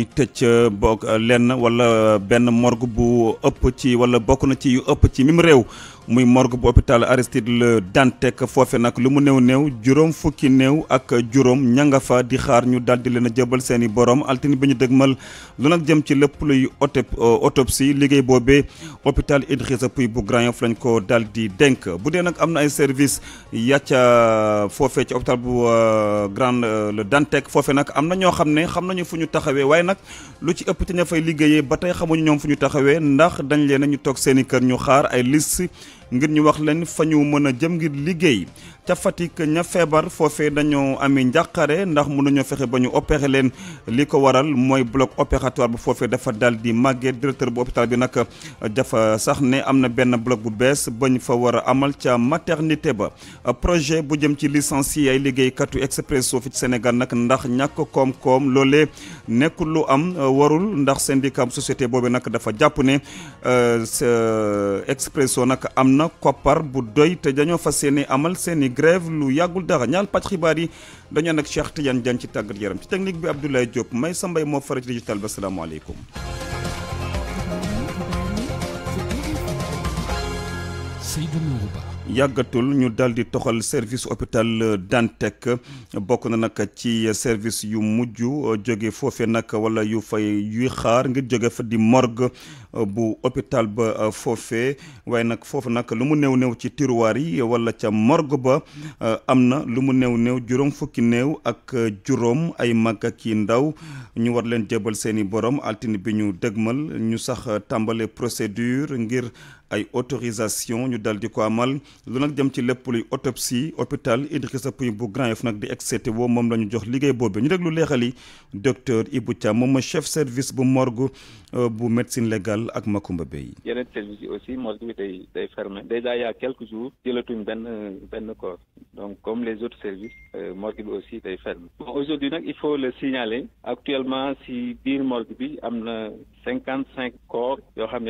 ñu tëj boog lenn wala benn morgue bu ëpp ci wala bokk na ci yu ëpp ci mim réew muy morgue bu hôpital Aristide Le Dantec foofe nag lu mu néew néew juróom fukki néew ak juróom ña fa di xaar ñu daal di leen a jëbal seen i borom altine bi ñu dëgmal lu nag jëm ci lépp luy euh, autopsie liggéey boobee hôpital Idrissa Pouye bu Grand Yoff lañ daal di dénk bu dee nag am na ay service yàcca foofe ci hôpital bu euh, Grand euh, Le Dantec foofe nag am na ñoo xam ne xam nañu fu ñu taxawee waaye nag lu ci ëpp ci ña fay liggéeyee ba tey xamuñu ñoom fu ñu taxawee ndax dañ leen ñu toog seeni kër ñu xaar ay liste ngir ñu wax leen fa ñu mën a jëm ngir liggéey ca Fatick ña feebar foofee dañoo amee njàqare ndax mënuñoo fexe ba ñu opéré leen li ko waral mooy bloc opératoire bu foofee dafa dal di màgget directeur bu hôpital bi nag dafa sax ne am na benn bloc bu bees bañ fa war a amal ca maternité ba projet bu jëm ci licencié ay liggéeykatu Expresso fi ci Sénégal nag ndax ñàkk koom-koom loolee nekkul lu am warul ndax seen syndicat société boobu nag dafa jàpp ne euh, Expresso nag am na koppar bu doy te dañoo fas amal seeni grève lu yàggul dara ñaar pàcc xibaar yi dañu ànd ak Cheikh Tidiane Diagne ci tàggat yaram ci technique bi Abdoulaye Diop may sa mbay moo fara ci digital bi asalaamaaleykum. Seydou yàggatul ñu daldi toxal service hôpital Dantec bokk na nag ci service yu mujj jóge foofe nag wala yu fay yuy xaar ngir jóge fa di morgue uh, bu hôpital ba uh, foofe waaye nag foofu nag lu mu néew néew ci tiroir yi wala ca morgue ba uh, am na lu mu néew néew juróom fukki néew ak juróom ay mag ak i ndaw ñu war leen jëbal seeni borom altine bi ñu dëgmal ñu sax tàmbale procédure ngir ay autorisation ñu dal di ko amal lu nag jëm ci lépp luy autopsie hôpital Idrissa Pouye bu Grand Yoff nag di ex-CTO moom la ñu jox liggéey boobu ñu déglu leexali docteur Ibou Thiam moom mooy chef service bu morgue euh, bu médecine légale ak Makumba Bey. yeneen service bi aussi morgue bi day day fermé déjà il y a quelques benn benn corps donc comme les autres services euh, morgue bi aussi day fermé bon aujourd'hui nag il faut le signaler actuellement si biir bi am na cinquante cinq corps yoo xam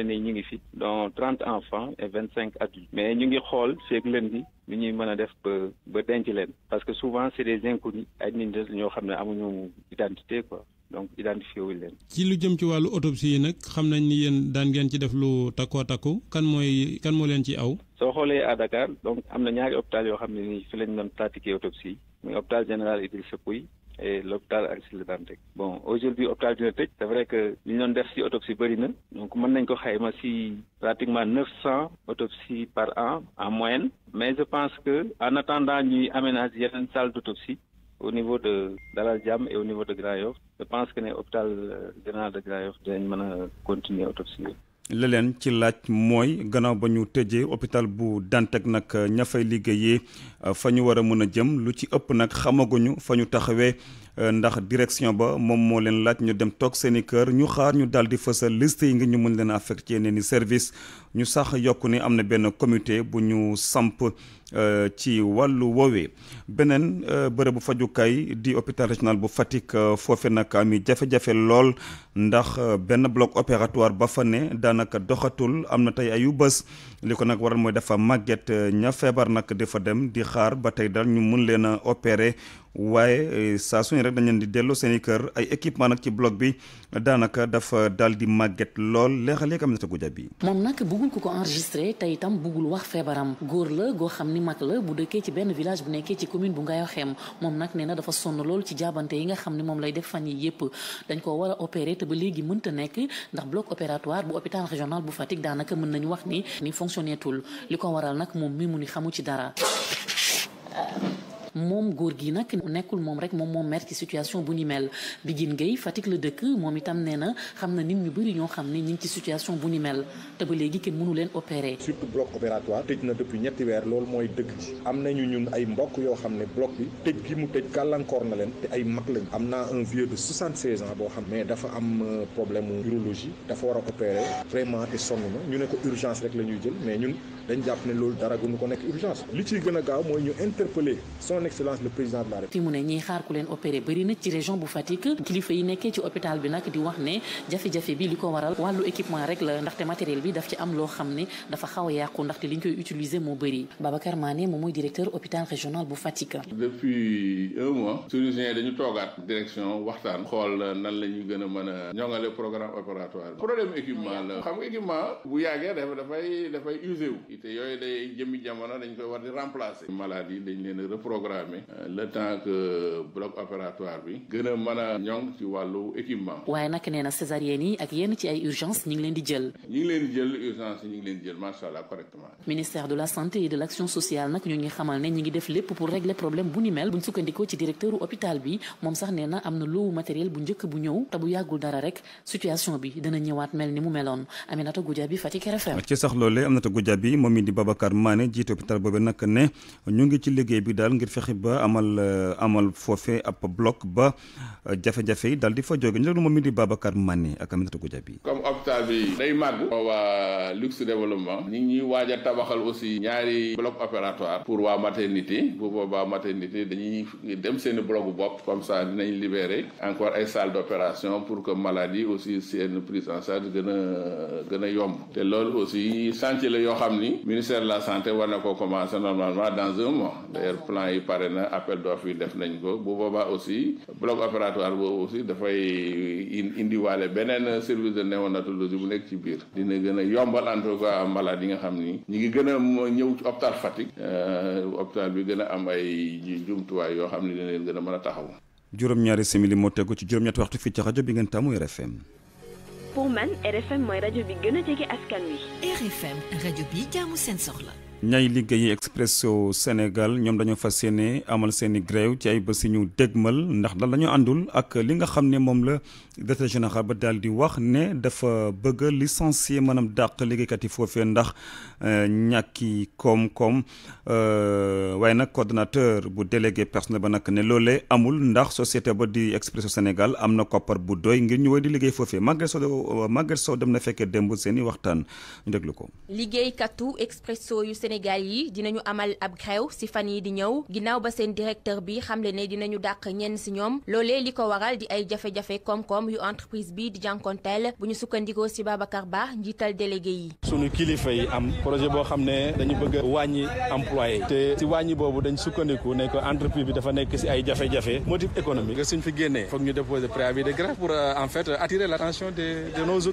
enfants et vingt cinq adultes mais ñu ngi xool feeg lundi lu ñuy mën a def ba ba denc leen parce que souvent c'est des inconnus ay nit ñoo xam ne amuñu identité quoi donc identifié wuñ leen. ci lu jëm ci wàllu autopsie yi nag xam nañ ni yéen daan ngeen ci def lu takkoo takku kan mooy kan moo leen ci aw. soo xoolee à donc am na ñaari hôpital yoo xam ne nii fi lañ doon pratiquer autopsie muy hôpital général Idrissa Pouye e l'hôpital Aristide Le Dantec bon aujourd'hui hôpital dina tëj c'est vrai que li ñu def ci autopsie bëri na donc mën nañ ko xayma ci pratiquement neuf cent autopsies par an en moyenne mais je pense que en attendant ñuy aménager yeneen salle d'autopsie au niveau de Dalal Jàmm et au niveau de Grand Yoff je pense que ne hôpital euh, général de Grand Yoff dinañ mën a continuer autopsie leneen ci laaj mooy gannaaw ba ñu tëjee hôpital bu danteeg nag ñafay fay fa ñu war a mën a jëm lu ci ëpp nag xamaguñu fa ñu taxawee Euh, ndax direction ba moom moo leen laaj ñu dem toog seen i kër ñu xaar ñu daal di fësal liste yi ngir ñu mën leen affecté ci yeneen i service ñu sax yokk ni am na benn comité bu ñu samp euh, ci wàllu woowee beneen euh, bërëbu fajukaay di hôpital régional bu Fatick foofe nag ami jafe-jafe lool ndax benn bloc opératoire ba fa ne daanaka doxatul am na tey ayu bës li ko nag waral mooy dafa màgget ña feebar nag di fa dem di xaar ba tey dal ñu mun leen a opérer waaye e, saa su ne rek dañ leen di delloo seen i kër ay équipement nag ci bloc bi daanaka dafa dal di màgget lool leexalee am na te guja bi moom nag buggul ku ko enregistré te itam buggul wax feebaram góor la goo xam ni mag la bu dëkkee ci benn village bu nekkee ci commune bu Ngayo Xem moom nag nee na dafa sonn lool ci jaabante yi nga xam ne moom lay def fan yi yëpp dañ ko war a te ba léegi mënta nekk ndax bloc opératoire bu hôpital régional bu Fatick daanaka mën nañu wax ni ni fonctionné li ko waral nag moom mi mu ni xamu ci dara moom góor gi nag nekkul moom rek moom moom mer ci situation bu ni mel Bidjine Gueye Fatick la dëkk moom itam nee na xam na nit ñu bëri ñoo xam ne ñu ngi ci situation bu ni mel te ba léegi kenn mënu leen opérer. surtout bloc tëj na depuis ñetti loolu mooy dëgg am nañu ñun mbokk yoo xam ne bloc bi tëj gi mu tëj gàllankoor na leen ay mag lañ am naa un vieux de 76 boo xam mais dafa am euh, problème urologie dafa war a opérer vraiment te sonn na ñu ne ko urgence rek la ñuy jël mais ñun dañ jàpp ne loolu dara gunu ko nekk urgence li ciy gën a gaaw mooy ñu interpeller son son excellence le président de la République. fi mu ne ñiy xaar ku leen opéré bëri na ci région bu Fatick kilifa yi nekkee ci hôpital bi nag di wax ne jafe-jafe bi li ko waral wàllu équipement rek la ndaxte matériel bi daf ci am loo xam ne dafa xaw a yàqu ndaxte li ñu koy utiliser moo bëri. Babacar Mané moom mooy directeur hôpital régional bu Fatick. depuis un mois. a a. xam équipement. bu yàggee dafay dafay usé wu. yooyu day jëmi jamono dañ koy war di remplacer. malade dañ leen a programmé euh, le temps que bloc opératoire bi gën a a ñoŋ ci wàllu équipement. waaye nag nee na césarienne yi ak yenn ci ay urgence ñu ngi leen di jël. ñu ngi urgence ñu ngi leen di jël macha allah correctement. ministère de la santé et de l' action sociale nag ñu ngi xamal ne ñu ngi def lépp pour régler problème bu ni mel buñ sukkandikoo ci directeur hôpital bi moom sax nee am na loowu matériel bu njëkk bu ñëw te bu yàggul dara rek situation bi dana ñëwaat mel fexe ba amal euh, amal foofe ab bloc ba euh, jafe-jafe yi daal di fa jóge ñu déglu mi di Babacar Mané ak Aminata Goudiaby comme hôpital bi day màgg waa luxe développement ñi ngi ñuy waaj a tabaxal aussi ñaari bloc opératoire pour waa maternité bu boobaa maternité dañuy dem seen bloc bopp comme ça dinañ libérer encore ay salle d'opération pour que maladie aussi seen prise en charge gën a a yomb te loolu aussi chantier la yoo xam ni ministère de la santé war na ko commencer normalement dans un mois pare na appel d'offre def nañ ko bu boobaa aussi bloc opératoire boobu aussi dafay indiwaale beneen service de néonatologie bu nekk ci biir dina gën a yombal en tout yi nga xam ni ñi ngi gën a ñëw ci hôpital Fatick euh, hôpital bi gën am ay jumtuwaay yoo xam ne dina leen gën mën a taxaw juróom-ñaari simili moo tegu ci juróom-ñetti waxtu fii ci rajo bi ngeen tàmmu RFM pour man RFM mooy rajo bi gën a jege askan wi. RFM rajo bi jaamu seen soxla. ñay liggéeyi Expresso Sénégal ñoom dañoo fa yéene amal seeni i ci ay bës yu ñu dégmal ndax dal dañoo àndul ak li nga xam ne moom la directeur général ba daal di wax ne dafa bëgg licencier maanaam dàq liggéeykat yi foofee ndax euh, ñàkki koom-koom euh, waaye nag coordonnateur bu délégué personnel ba nakk ne loolee amul ndax société ba di Expresso Sénégal am na koppar bu doy ngir ñu woy di liggéey foofee Maguette Sow Maguette soo dem na fekkee démb seen i waxtaan ñu déglu ko. Sénégal yi dinañu amal ab grève ci fan yi di ñëw ginnaaw ba seen directeur bi xamle ne dinañu dàq ñenn ci ñoom loolee li ko waral di ay jafe-jafe koom-koom yu entreprise bi di jànkonteel bu ñu sukkandikoo ci Babacar Ba njiital délégué yi. sunu kilifa yi am projet boo xam ne dañu bëgg a wàññi employé te ci wàññi boobu dañ sukkandiku ne ko entreprise bi dafa nekk ci ay jafe-jafe motif économique suñ fi génnee foog ñu déposer préavis de grève pour euh, en fait attirer de de nos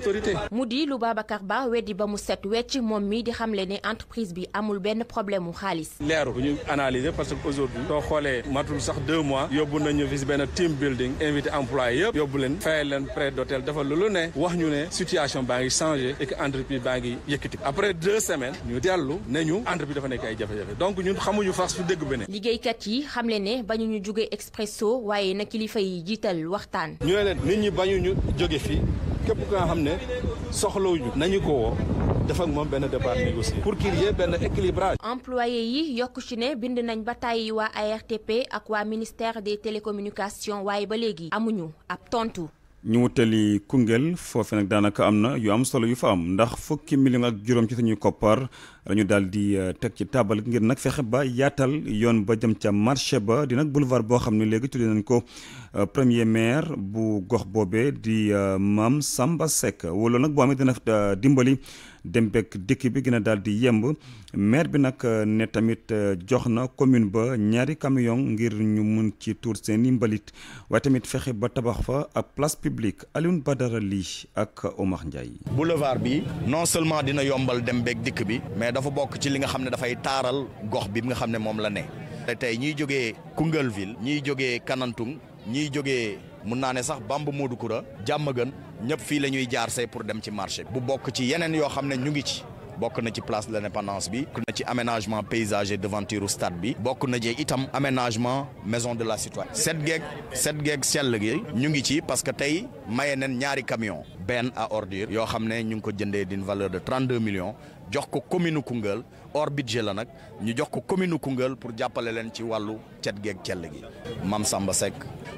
amul benn problème mu xaalis. leeru ñu analyser parce que aujourd'hui soo xoolee matul sax deux mois yóbbu nañu fi benn team building invité employé yëpp yóbbu leen fayal leen prêt d'hôtel dafa lu ne wax ñu ne situation baa ngi changé et que entreprise baa ngi yëkkati après deux semaines ñu dellu ne ñu entreprise dafa nekk ay jafe-jafe donc ñun xamuñu fas fu dëgg beneen. liggéeykat yi xamle ne bañu ñu jóge expresso waaye na kilifa yi jiital waxtaan. ñu ne leen nit ñi bañu ñu jóge fii képp ku nga xam ne soxlawuñu nañu ko woo. def moom benn départ négocié pour qu'il y ait yi yokku ci ne bind nañ ba tàyyi waa ARTP ak waa ministère des télécommunications waaye ba léegi amuñu ab tontu. ñu wutali Koungheul foofu nag daanaka am na yu am solo yu fa am ndax fukki million ak juróom ci suñuy koppar. ñu daal di euh, teg ci taabal ngir nag fexe ba yaatal yoon ba jëm ca marché ba dina nag boo xam ne léegi tuddee nañ ko euh, premier maire bu gox boobee di euh, maam Samba Seck wala nag boo xam dina dimbali dem bekk dikk bi gën a daal di yemb maire bi nag ne tamit jox na commune ba ñaari camion ngir ñu mun ci tuur seeni mbalit waaye tamit fexe ba tabax fa ak place publique Alioune Badara Ly ak Omar Ndiaye boulevard bi non seulement dina yombal dem bekk dikk bi dafa bokk ci li nga xam ne dafay taaral gox bi nga xam ne moom la ne. tey ñiy jóge Koungheul ville. ñiy jógee Kanantung ñiy jóge mun naa ne sax Bamba Modou Koura. Diamaguène ñëpp fii la ñuy jaar see pour dem ci marché bu bokk ci yeneen yoo xam ne ñu ngi ci. bokk na ci place de l'indépendance bi. bokk na ci aménagement paysager devanture stade bi. bokk na ci itam aménagement maison de la citoyenne. set geeg set geeg sell gi ñu ngi ci parce que tey maye neen ñaari camion benn à ordure yoo xam ne ñu ngi ko jëndee din valeur de 32 millions jox ko commune Koungheul hors budget la nag ñu jox ko commune Koungheul pour jàppale leen ci wàllu cet geeg cell gi Mame Samba Seck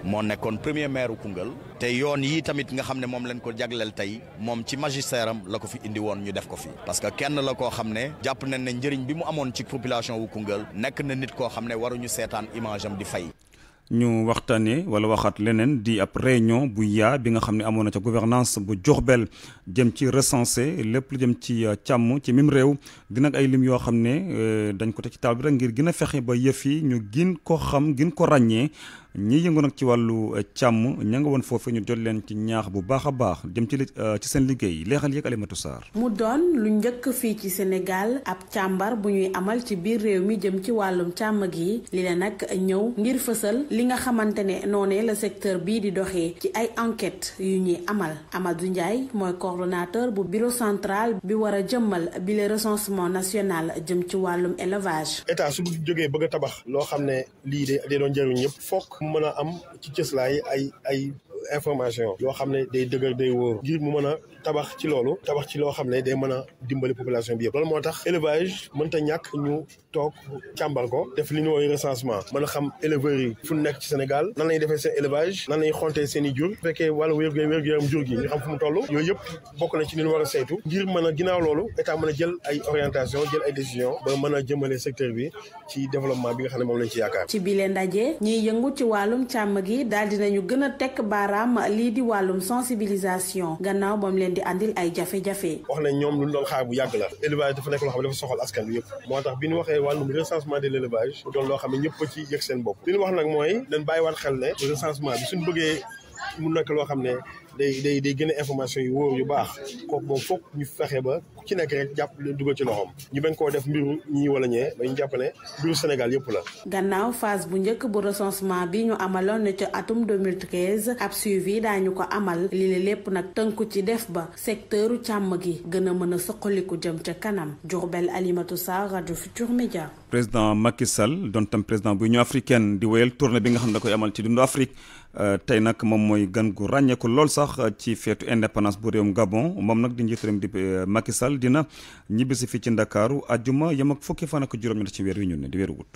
moo nekkoon premier maire Koungheul te yoon yii tamit nga xam ne moom leen ko jagleel tey moom ci magistère am la ko fi indi woon ñu def ko fi parce que kenn la koo xam ne jàpp nañ ne njëriñ bi mu amoon ci population wu Koungheul nekk na nit koo xam ne waruñu seetaan image am di fay ñu waxtaanee wala waxaat leneen di ab réunion bu yaa bi nga xam ne amoon na ca gouvernance bu Diourbel jëm ci recenser lépp lu jëm ci euh, càmm ci mim réew dina ay lim yoo xam ne euh, dañ ko te ci taal bi rek ngir gën a fexe ba yëf yi ñu gën ko xam gën ko ràññee ñi yëngu nag ci wàllu euh, càmm ña nga woon foofu ñu jot leen ci ñaax bu baax a baax jëm ci euh, ci seen liggéey leexal yëg Alimatu Sarr mu doon lu njëkk fii ci Sénégal ab càmbar bu ñuy amal ci biir réew mi jëm ci wàllum càmm gi li la nag ñëw ngir fësal li nga xamante ne noonee la secteur bii di doxee ci ay enquête yu ñuy amal Amadou Ndiaye mooy coordonnateur bu bureau centrale bi war a jëmmal bi le recensement national jëm ci wàllum élevage état su jógee bëgg tabax loo xam ne lii de dee doon mu mën a am ci cëslaay ay ay information yoo xam ne day dëgër day wóor ngir mu mën a tabax ci loolu tabax ci loo xam ne day mën a dimbali population bi yëpp loolu moo tax élevage mënta ñàkk ñu toog càmbar ko def li ñu woy recensement mën a xam éleveurs yi fu nekk ci Sénégal nan lañuy defee seen élevage nan lañuy xontee seeni i jur fekkee wàllu wér-gu-yaram wér gu jur gi ñu xam fu mu toll yooyu yëpp bokk na ci li ñu war a saytu ngir mën a ginnaaw loolu état mën a jël ay orientation jël ay décision ba mën a jëmalee secteur bi ci développement bi nga xam ne moom lañ ci yaakaar ci bile ndaje ñiy yëngu ci wàllum càmm gi daal dinañu gën a tekk baaraam lii di wàllum sensibilisation di andil ay jafe-jafe. wax na ñoom lu ñu doon xaar bu yàgg la élevage dafa nekk loo xam ne dafa soxal askan bi yëpp moo tax bi ñu waxee wàllum recensement de l' élevage doon loo xam ne ñëpp ci yëg seen bopp li ñu wax nag mooy dañ bàyyiwaat xel ne recensement bi suñu bëggee mu nekk loo xam ne day day day gën a information yu wóor yu baax kooku moom foog ñu fexe ba ku ci nekk rek jàpp dugal ci loxoom ñu bañ koo def mbiru ñii wala ñee ba ñu jàpp ne Sénégal yëpp la. gannaaw phase bu njëkk bu recensement bi ñu amaloon ca atum 2013 ab suivi daañu ko amal li li lépp nag tënku ci def ba secteur càmm gi gën a mën a soqaliku jëm ca kanam Diourbel Alimatou Sarr rajo Futur Média. président Macky Sall doon tam président bu Union africaine di wéyal tournée bi nga xam ne da koy ci dundu Afrique. Euh, tey nag moom mooy gan gu ràññeeku lool sax ci feetu indépendance bu réewum Gabon moom nag di njiitu réew di euh, Macky Sall dina ñibbisi fii ci Ndakaaru ajjuma yem ak fukki fan ak juróom-ñett ci weer wi ñu ne di weeru wut.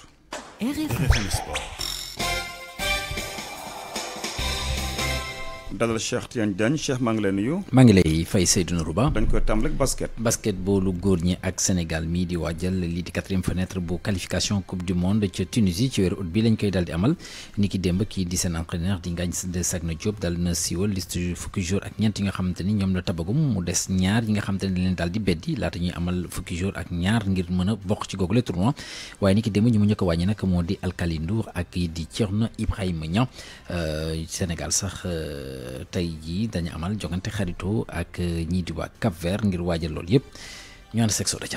dalal Cheikh Tidiane Diagne Cheikh maa ngi lay nuyu. maa ngi lay fay Seydou Nourou Ba. dañ koy tàmbali ak basketboolu góor ñi ak Sénégal mii di waajal lii di quatrième fenêtre bu qualification coupe du monde ca Tunisie ci weeru ut bi lañ koy daal di amal ni ki démb kii di seen entraîneur di Ngagne Desagna Diop daal na siiwal liste fukki jour ak ñeent yi nga xamante ni ñoom la tabagum mu des ñaar yi nga xamante ni leen daal di beddi laata ñuy amal fukki jour ak ñaar ngir mën a bokk ci googule tournoi waaye ni ki démb ñu mu njëkk a wàññi di Alkali Ndour ak di Thierno Ibrahima Niang euh, Sénégal sax euh, tey jii dañu amal jongante xaritoo ak euh, ñii di waa Cap Vert ngir waaja loolu yépp ñu ànd sexo da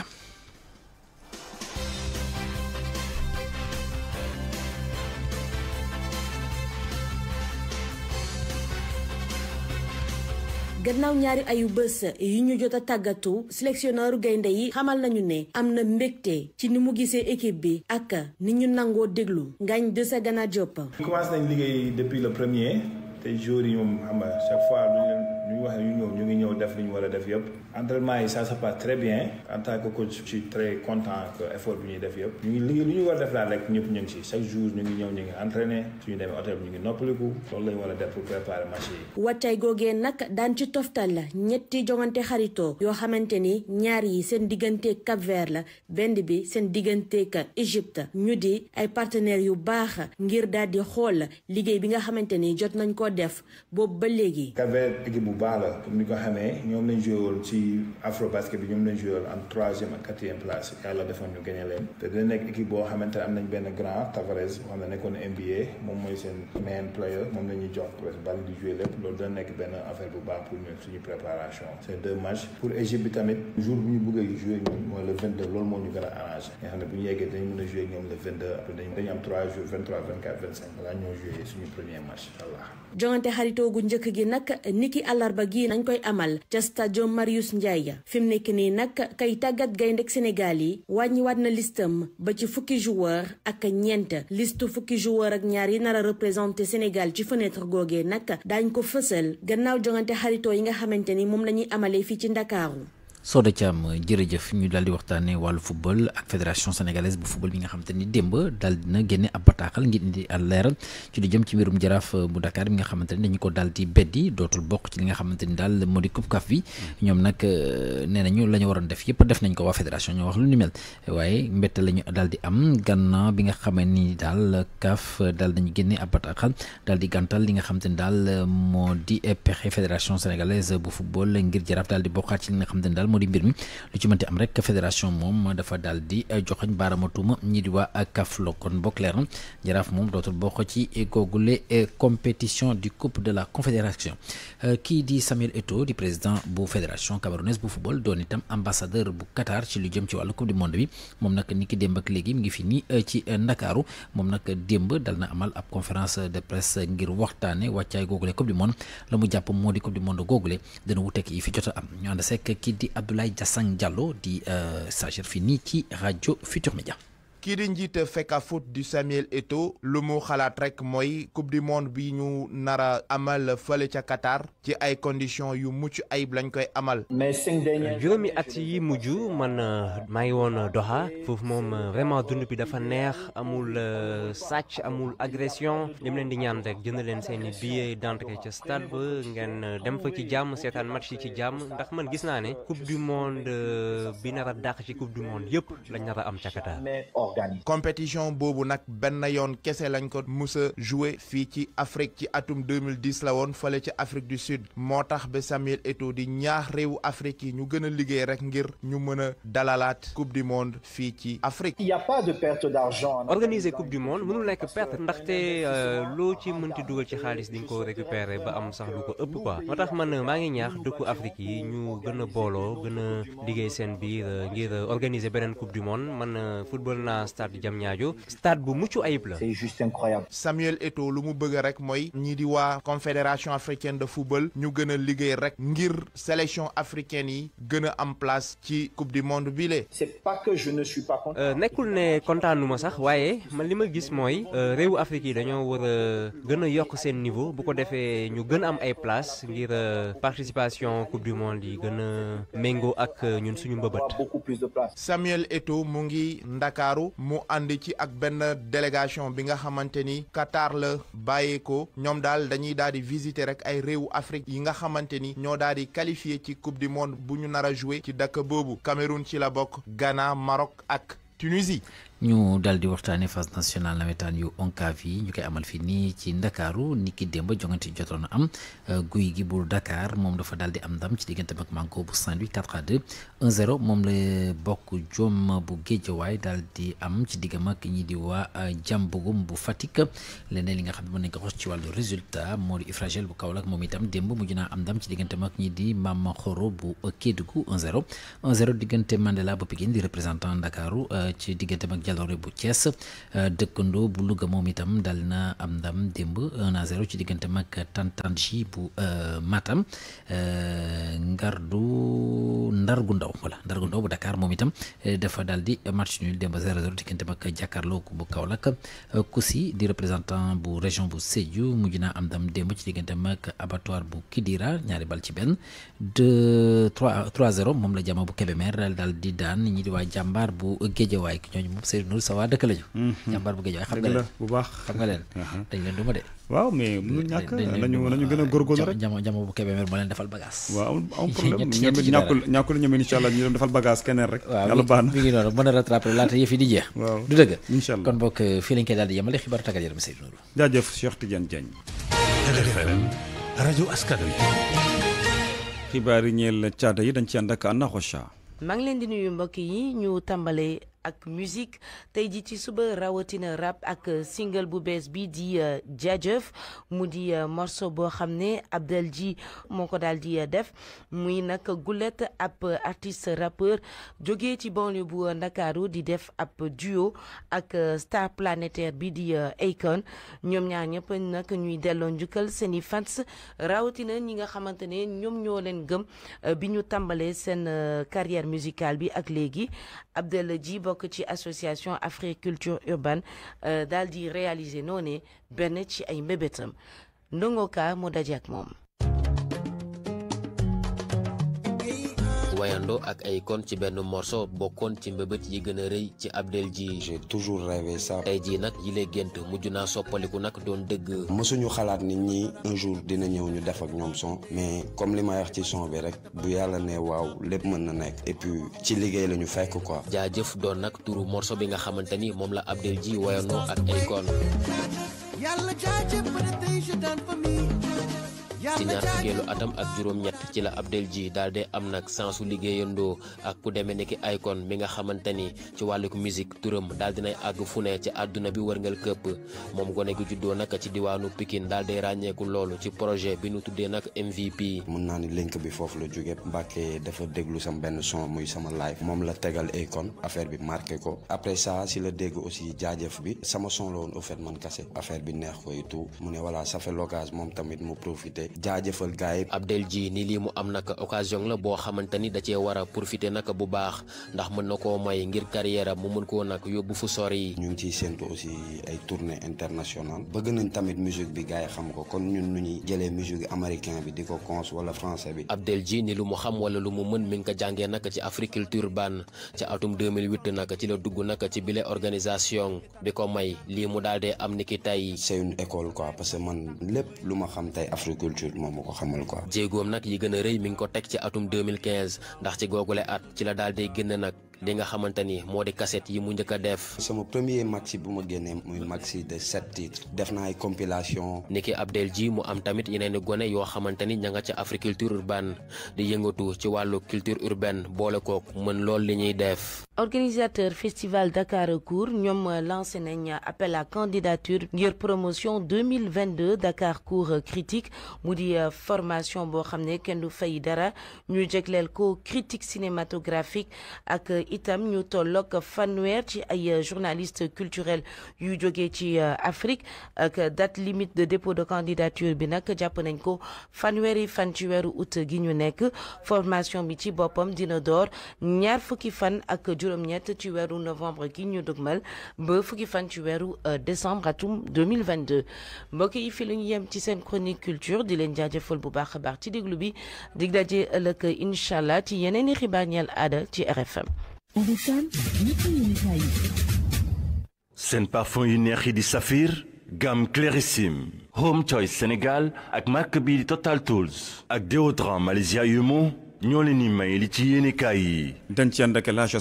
ñu jot a tàggatu sélectionneur gaynde yi xamal nañu ne am na mbégte ci ni mu gisee équipe bi ak ni ñu nangoo déglu Ngagne Desagana Diop. commencé nañ liggéey depuis le premier. te jour yi moom xam nga chaque fois lu leen nu ñu waxee ñu ñëw ñu ngi ñëw def li ñu war a def yëpp entraînement yi ça se passe très bien en content que effort bi ñuy def yëpp lu ñu war a def daal rek ñëpp ñu ngi chaque jour ñu ngi ñëw ñu ngi entraîné suñu demee hôtel bi ñu noppaliku loolu lañu war a def pour préparer match yi googee nag daan ci toftal la ñetti jongante xaritoo yoo xamante ni ñaar yi seen diggante Cap Vert la benn bi seen diggante ka Égypte ñu di ay partenaires yu baax ngir daal di xool liggéey bi nga xamante ni jot nañ koo def boobu ba léegi Cap baax la comme ni ko xamee ñoom lañ joué ci afro basket bi ñoom lañ joué woon troisième ak quatrième place yàlla defoon ñu gagné leen te dina nekk équipe boo xamante ne am nañ benn grand Tavares boo xam ne nekkoon NBA moom mooy seen main player moom la jox presque bal di joué lépp loolu dina nekk benn affaire bu baax pour ñun suñu préparation ces deux matchs pour Égypte bi tamit jour bu ñu bëggee joué ñun mooy le 22 loolu moo ñu gën a arrangé ba gi nañ koy amal ca stade Marius Ndiaye fi mu nekk nii nag kay tàggat gaynde Sénégal yi wàññi wàññiwaat na listam ba ci fukki joueur ak ñeent liste fukki joueur ak ñaar yi nar représenté Sénégal ci fenêtre googee nag daañ ko fësal gannaaw jongante xaritoo yi nga xamante ni moom la ñuy amalee fii ci Ndakaaru Soda am jërëjëf ñu daal di waxtaanee wàllu football ak fédération sénégalaise bu football bi nga xamante ni démb daal dina génne ab bataaxal ngir indi al leeral ci jëm ci mbirum jaraaf bu Dakar bi nga xamante ni dañu ko daal di beddi dootul bokk ci li nga xamante ni daal moo di coupe CAF bi ñoom nag euh, nee nañu la ñu waroon def yëpp def nañ ko waa fédération ñoo wax lu ni mel waaye mbette la ñu daal di am gannaaw bi nga xamee ni daal CAF daal dañu génne ab bataaxal daal di gàntal li nga xamante ni daal moo di pexe fédération sénégalaise bu football ngir jaraaf daal di bokkaat ci li nga xamante ni daal moo di mbir mi lu ci mënti am rek fédération moom dafa daal di eh, joxoñ baaramatuma ñi di waa Kaflo kon bokk leer na jaraaf moom dootul bokk ci googule eh, compétition di coupe de la confédération eh, kii di Samuel Eto'o di président bu fédération camerounaise bu football doon itam ambassadeur bu Qatar ci lu jëm ci wàllu coupe du monde bi moom nag ni ki démb ak léegi mi ngi fi ni ci Ndakaaru moom nag démb dal na amal ab conférence de presse ngir waxtaane wàccaay googule coupe du monde la mu jàpp moo di coupe du Abdoulaye Diassane Diallo di euh, sagir fi nii ci rajo Futur Média kii di njiite FECAFOOT du Samuel Eto'o lu mu xalaat rek mooy coupe du monde bi ñu nar a amal fële ca Qatar ci ay conditions yu mucc ayib lañ koy amal. mais juróomi at yi mujj man euh, maa ngi woon euh, doxa foofu moom euh, vraiment dund bi dafa neex amul sàcc amul agression li leen di ñaan rek jënd leen seen i billets d'entrée ca stade ba ngeen dem fa ci jàmm seetaan match yi ci jàmm ndax man gis naa ne coupe du monde bi nar dàq ci coupe du monde yëpp lañ nar am ca Qatar. Oh, organique. compétition boobu nag benn yoon kese lañ ko mus joue fii ci Afrique ci atum 2010 la woon fële ci Afrique du Sud moo tax ba Samuel Eto'o di ñaax réewu Afrique yi ñu gën a liggéey rek ngir ñu mën a dalalaat coupe du monde fii ci Afrique. il y a pas de perte du monde mënul nekk perte ndaxte euh, loo ci mënti dugal ci xaalis di nga ko récupérer ba am sax lu ko ëpp quoi moo tax man maa ngi ñaax dëkku Afrique yi ñu gën a booloo gën a liggéey seen biir euh, ngir organiser beneen coupe du monde man euh, dans stade Diamniadio stade bu mucc ayib la. Samuel Eto'o lu mu bëgg rek mooy ñi di waa confédération africaine de football ñu gën a liggéey rek ngir sélection africaine yi gën am place ci coupe du monde bi le. c'est pas ne suis pas euh, nekkul ne kontaanuma sax waaye man li ma gis mooy euh, réewu Afrique yi dañoo war a gën a yokk seen niveau bu ko defee ñu gën a am ay place ngir euh, participation coupe du monde yi gën a méngoo ak ñun suñu mbëbët. Samuel Eto'o mu ngi Ndakaaru mu ànd ci ak benn délégation bi nga xamante ni Qatar la bàyyee ñoom daal dañuy daal di visiter rek ay réewu Afrique yi nga xamante ni ñoo daal di qualifié ci coupe du monde bu ñu nar a joué ci dëkk boobu Cameroun ci la bokk Ghana Maroc ak Tunisie. ñu dal di waxtaanee phase nationale nawetaan yu ONCAV yi ñu koy amal fi nii ci ndakaaru ni ki démb jongante jotoon am guy gi bu Dakar moom dafa daal di am ndam ci diggante ak Manko bu Saint-Louis 4 1-0 moom la bokk jom bu géejawaay daal di am ci diggam mag ñi di waa jàmbugum euh, bu Fatick leneen li nga xam ne mën nañ xos ci wàllu résultat moo di Ifragel bu Kaolack moom itam démb mujj naa am ndam ci digganteem ak ñi di Mama Xoro bu Kédougou 1-0 1-0 diggante Mandela bu Pikine di représentant Ndakaaru euh, ci digganteem ak Jaloore bu Thiès euh, dëkkandoo bu Louga moom itam daal na am ndam démb 1-0 ci digganteem ak Tantanji bu Matam Ngardu Ndar gu ndaw ndaw voilà Ndargu ndaw bu Dakar moom itam eh, dafa daal di match nul démb 0-0 diggante ak jàkkaarloo bu Kaolack eh, Koussi di représentant bu région bu Sédhiou mujj naa am dam démb ci diggante ak abattoir bu Kidira ñaari bal ci benn 2 3 3 moom la jama bu Kébémer daal di daan ñi di waa jàmbaar bu Géejawaay ki ñooñu moom Seydou Nour sa waa dëkk lañu mhm. jàmbaar bu Géejawaay xam nga leen bu baax xam nga leen dañ leen duma de waaw mais mënul ñàkk nañu nañu gën a góorgóorlu rek jama yàlla ñu doon defal bagage keneen rek. yàlla baax na waaw mi ngi noonu mën a rattraper laata yëf yi di jeex. waaw du dëgg. kon bokk fii lañ koy daal di yemale xibaaru tàggat yaram Seydou Nourou. jaajëf Cheikh Tidiane Diagne. RFM rajo yi dañ ci ànd ak Anna Rocha. maa ngi leen di mbokk yi ñu tàmbale ak musique tey ji ci suba rawatina rap ak single bu bees bi di euh, jaajëf mu di euh, morceau boo xam ne Abdel ji moo ko daal di euh, def muy nag gulet ab artiste rappeur jógee ci banlieue bu Ndakaaru di def ab duo ak star planétaire bi di Akon ñoom ñaar ñëpp nag ñuy delloo njukkal seen i fans rawatina ñi nga xamante ne ñoom ñoo leen gëm bi ñu tàmbalee seen carrière musicale bi ak léegi Abdel ji bokk ci association Africulture urbaine euh, daal di réaliser noonu benn ci ay mbébétam Ndongo Ka mu daje ak moom. wayandoo ak ay kon ci benn morceau bokkoon ci mbëbët yi gën a rëy ci Abdel ji. j'ai toujours rêvé ça. tey jii nag yi lay gént mujj naa soppaliku nag doon dëgg. mësuñu xalaat nit ñi un jour dina ñëw ñu def ak ñoom son mais comme lima ma ci son bi rek bu yàlla ne waaw lépp mën na nekk et ci liggéey la ñu fekk quoi. jaajëf doon nag turu morceau bi nga xamante ni moom la Abdel ji wayandoo ak ay ci ñaar fukkeelu atam ak juróom-ñett ci la Abdel Dji daal di am nag sensu liggéeyandoo ak ku demee ni ki Akon mi nga xamante ni ci wàlluk musique turam daal dinay àgg fu ne ci àdduna bi wërngal këpp moom gone gu juddoo nag ci diwaanu Pikine daal di ràññeeku loolu ci projet bi nu tuddee nag MVP. mun naa ni link bi foofu la jógee Mbacke dafa déglu sama benn son muy sama live moom la tegal Akon affaire bi marqué ko après ça si la dégg aussi jaajëf bi sama son la woon au man kase affaire bi neex ko et mu ne voilà ça moom tamit mu profité. jaajëfal gars yi. Abdel ji ni lii mu am nag occasion la boo xamante ni da cee war a profiter nag bu baax ndax mën na koo may ngir carrière mu mën koo nag yóbbu fu sori. ñu ngi ciy séntu aussi ay tournée internationale bëgg nañ tamit musique bi gars yi xam ko kon ñun nu ñuy jële musique américain bi di ko conse wala français bi. Abdel ji ni lu mu xam wala lu mu mën min ko jàngee nag ci Africulture Ban ci atum 2008 nag ci la dugg nag ci bile organisation bi ko may lii mu daal am ni tey. c'est école quoi parce que man lépp lu ma xam tey Africulture culture moom moo xamal quoi. jéegoom nag yi gën a rëy mi ngi ko teg ci atum 2015 ndax ci googule at ci la daal di génne nag li nga xamante ni moo di cassette yi mu njëkk a def. sama premier maxi bu ma génnee muy maxi de sept titres def na ay compilation. niki Abdel ji mu am tamit yeneen i gone yoo xamante ni ña nga ca agriculture urbaine di yëngatu ci wàllu culture urbaine boole kook mën lool li ñuy def. organisateur festival Dakar Court ñoom lancé nañ appel à candidature ngir promotion 2022 Dakar Court critique mu di euh, formation boo xam ne kenn du fay dara ñu jégleel ko critique cinématographique ak. itam ñu tolloog fanweer ci ay journaliste culturel yu jóge ci euh, Afrique ak date limite de dépôt de candidature bi nag jàpp nañ ko fanweeri fan ci weeru août gi ñu nekk formation bi ci boppam dina door ñaar fukki fan ak juróom-ñett ci weeru novembre gi ñu dugmal ba fukki fan ci weeru euh, décembre atum 2022 mbokk yi fi lu ñu yem ci seen chronique culture di leen jaajëfal bu baax a baax ci déglu bi dig daje ëllëg incha allah ci yeneen i xibaar ñeel aada ci RFM RFM ñetti yéenekaay yi. seen parfum yu neex yi di safir gamme Clarissime Home Choice Sénégal ak marque bii di Total Tools ak déodorant Malaysia Yumo ñoo leen di may li ci yéenekaay yi. dañ ci ànd ak El Hadj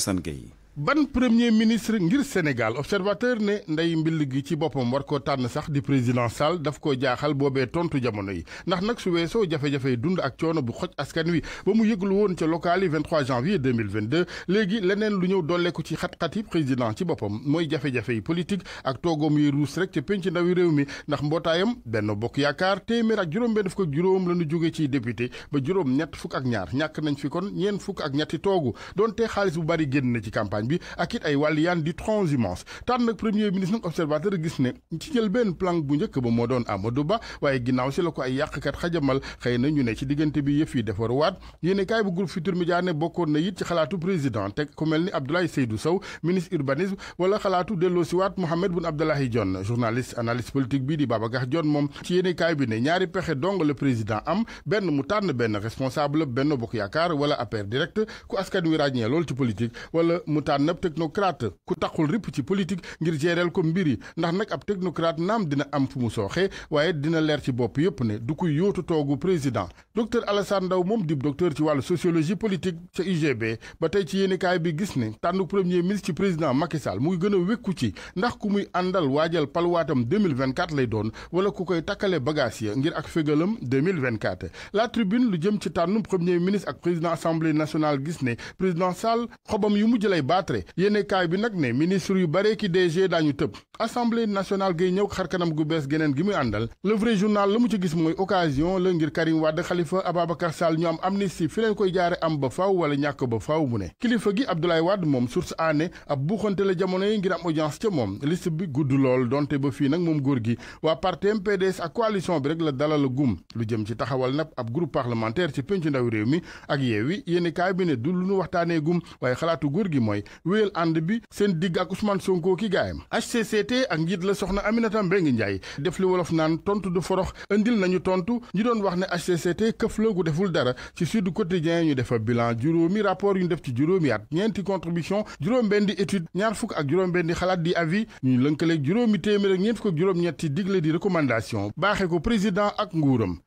ban premier ministre ngir Sénégal observateur ne ndey mbill gi ci boppam war koo tànn sax di président Sall daf koo jaaxal boobee tontu jamono yi ndax nag su weesoo jafe-jafe dund ak coono bu xoj askan wi ba mu yëglu woon ca local yi 23 janvier 2022 léegi leneen lu ñëw dolleeku ci xat-xat yi président ci boppam mooy jafe-jafe yi politique ak toogoom yi ruus rek ca penc ndawi réew mi ndax mbootaayam benn bokk yaakaar téeméer ak juróom-benn fukk ak juróom la ñu ci député ba juróom ñett fukk ñaar ñàkk nañ fi kon ñeen fukk ak ñetti toogu donte xaalis bu bari génn na ci campagne bi ak it ay wàlliyaan di transhumance taat nag premier ministre nag observateur gis ne ci jël benn plan bu njëkk ba moo doon Amadou Ba waaye ginnaaw si la ko ay yàqkat xajamal xëy na ñu ne ci diggante bi yëf yi defaruwaat yéene kaay bu groupe Futurs Médias ne bokkoon na it ci xalaatu président teg ku mel ni Abdoulaye Seydou Sow ministre urbanisme wala xalaatu delloosiwaat Mohamed Boun Abdallah Dionne journaliste analyste politique bi di Babacar Dionne moom ci yéene kaay bi ne ñaari pexe dong le président am benn mu tànn benn responsable benn bokk yaakaar wala affaire directe ku askan wi ràññee lool ci politique wala mu tànn ab technocrate ku taxul ripp ci politique ngir géréel ko mbir yi ndax nag ab technocrate naam dina am fu mu sooxe waaye dina leer ci bopp yëpp ne du kuy yóotu toogu président docteur Alassane Ndao moom dib docteur ci wàllu sociologie politique ca UGB ba tey ci yéenekaay bi gis ne tànnu premier ministre ci président Macky Sall mu ngi gën a wékku ci ndax ku muy àndal waajal palwaatam 2024 lay doon wala ku koy takkale bagage ya ngir ak fégalam 2024 la tribune lu jëm ci tànnu premier ministre ak président assemblée nationale gis ne président Sall xobam yu mujj lay atre yéenekaay bi nag ne ministre yu baree ki DG daañu tëb assemblée nationale gay ñëw kanam gu bees geneen gi muy àndal le vrai journal la mu ci gis mooy occasion la ngir Karim Wade Khalifa Ababacar Sall ñu am amnistie fi leen koy jaare am ba faw wala ñàkk ba faw mu ne kilifa gi Abdoulaye Wade moom source aané ab buuxante la jamono yi ngir am audience ca moom liste bi gudd lool donte ba fii nag moom góor gi waa partem PDS a coalition bi rek la dalal gum lu jëm ci taxawal nag ab groupe parlementaire ci péncu ndaw réew mi ak yeewi yéenekaay bi ne du lu nu waxtaanee gum waaye xalaatu góor gi mooy wéyal ànd bi seen digg ak Ousmane Sonko ki gaayam HCCT ak njiit la soxna Aminata Mbengue Ndiaye def li wolof naan tontu du forox indil nañu tontu ñi doon wax ne HCCT këf la deful dara ci Sud Quotidien ñu defa bilan juróomi rapport yu ñu def ci juróomi at ñeenti contribution juróom-benn étude ñaar fukk ak juróom-benn xalaat di avis ñu lënkaleeg juróomi téeméer ak ñeent fukk ak juróom-ñetti digle di recommandation baaxe ko président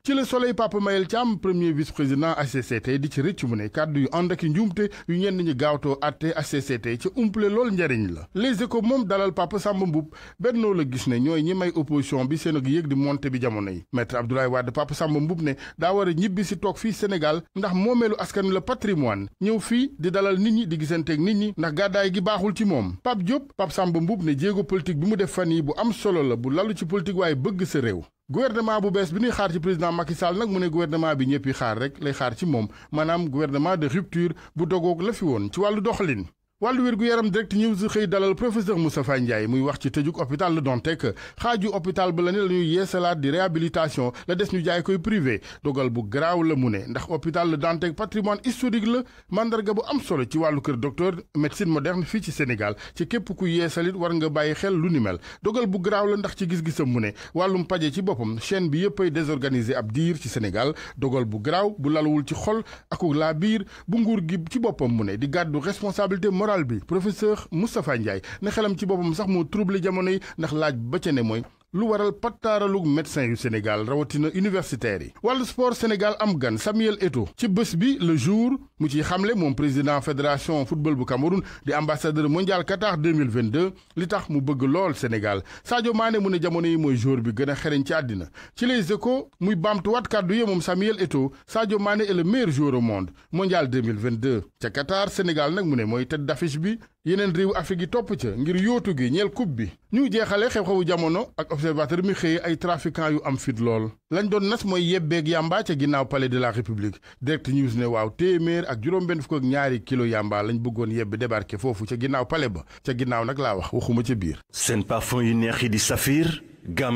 ci Le Soleil Papa Mayel Thiam premier vice président HCCT di ci rëcc mu ACT ci umple lool njariñ la Les ko moom dalal Papa Samba Mboup bennoo la gis ne ñooy ñi may opposition bi seen ak di monté bi jamono yi maître Abdoulaye Wade Papa Samba Mboup ne daa war a ñibbi si toog fii Sénégal ndax moomeelu askan la patrimoine ñëw fii di dalal nit ñi di gisanteeg nit ñi ndax gàddaay gi baaxul ci moom Pape Diop Pape Samba Mboup ne jéego politique bi mu def fan yi bu am solo la bu lalu ci politique waaye bëgg sa réew gouvernement bu bees bi ñuy xaar ci président Macky Sall nag mu ne gouvernement bi ñëpp xaar rek lay xaar ci moom maanaam gouvernement de rupture bu dogoog la fi woon ci wàllu doxalin wàllu wér gu yaram direct news xëy dalal mu Moustapha Ndiaye muy wax ci tëjug hôpital Le Dantec xaaju hôpital ba la ne la ñuy yeesalaat di réhabilitation la des ñu jaay koy privé dogal bu garaaw la mu ne ndax hôpital Le Dantec patrimoine historique la mandarga bu am solo ci wàllu kër docteur médecine moderne fii ci Sénégal ci képp ku yeesalit war nga bàyyi xel lu ni mel dogal bu graaw la ndax ci gis-gisam mu ne wàllum paje ci boppam chaîne bi yëpp ay désorganisé ab diir ci Sénégal dogal bu garaaw bu lalawul ci xol laa biir bu nguur gi ci boppam mu ne di gàddu responsabilité oral bi professeur Moustapha Ndiaye ne xelam ci boppam sax moo trouble jamono yi ndax laaj ba ne mooy lu waral pataaralug médecin yu Sénégal rawatina universitaires yi wàllu sport Sénégal am gan Samuel Eto'o ci bés bi le jour mu ciy xamle moom président fédération football bu Cameroun di ambassadeur mondial Qatar 2022 li tax mu bëgg lool Sénégal Sadio Mané mu ne jamono yi mooy joueur bi gën a xereñ ci àddina ci les échos muy baamtuwaat kàddu yi moom Samuel Eto'o Sadio Mané est le meilleur joueur au monde mondial 2022 ca Qatar Sénégal nag mu ne mooy tête d'affiche bi yeneen réew Afrique yi topp ca ngir yóotu gi ñeel coupe bi ñu jeexale xew-xewu jamono l'observateur mi xëye ay trafiquants yu am fit lool doon nas mooy yebbeeg yàmbaa ca ginnaaw palais de la république direct news ne waaw téeméer ak juróom-benn fukk ak ñaari kilo yàmbaa lañ bëggoon yebbe débarqué foofu ca ginnaaw palais ba ca ginnaaw nag laa wax waxuma ca biir seen parfum yu neex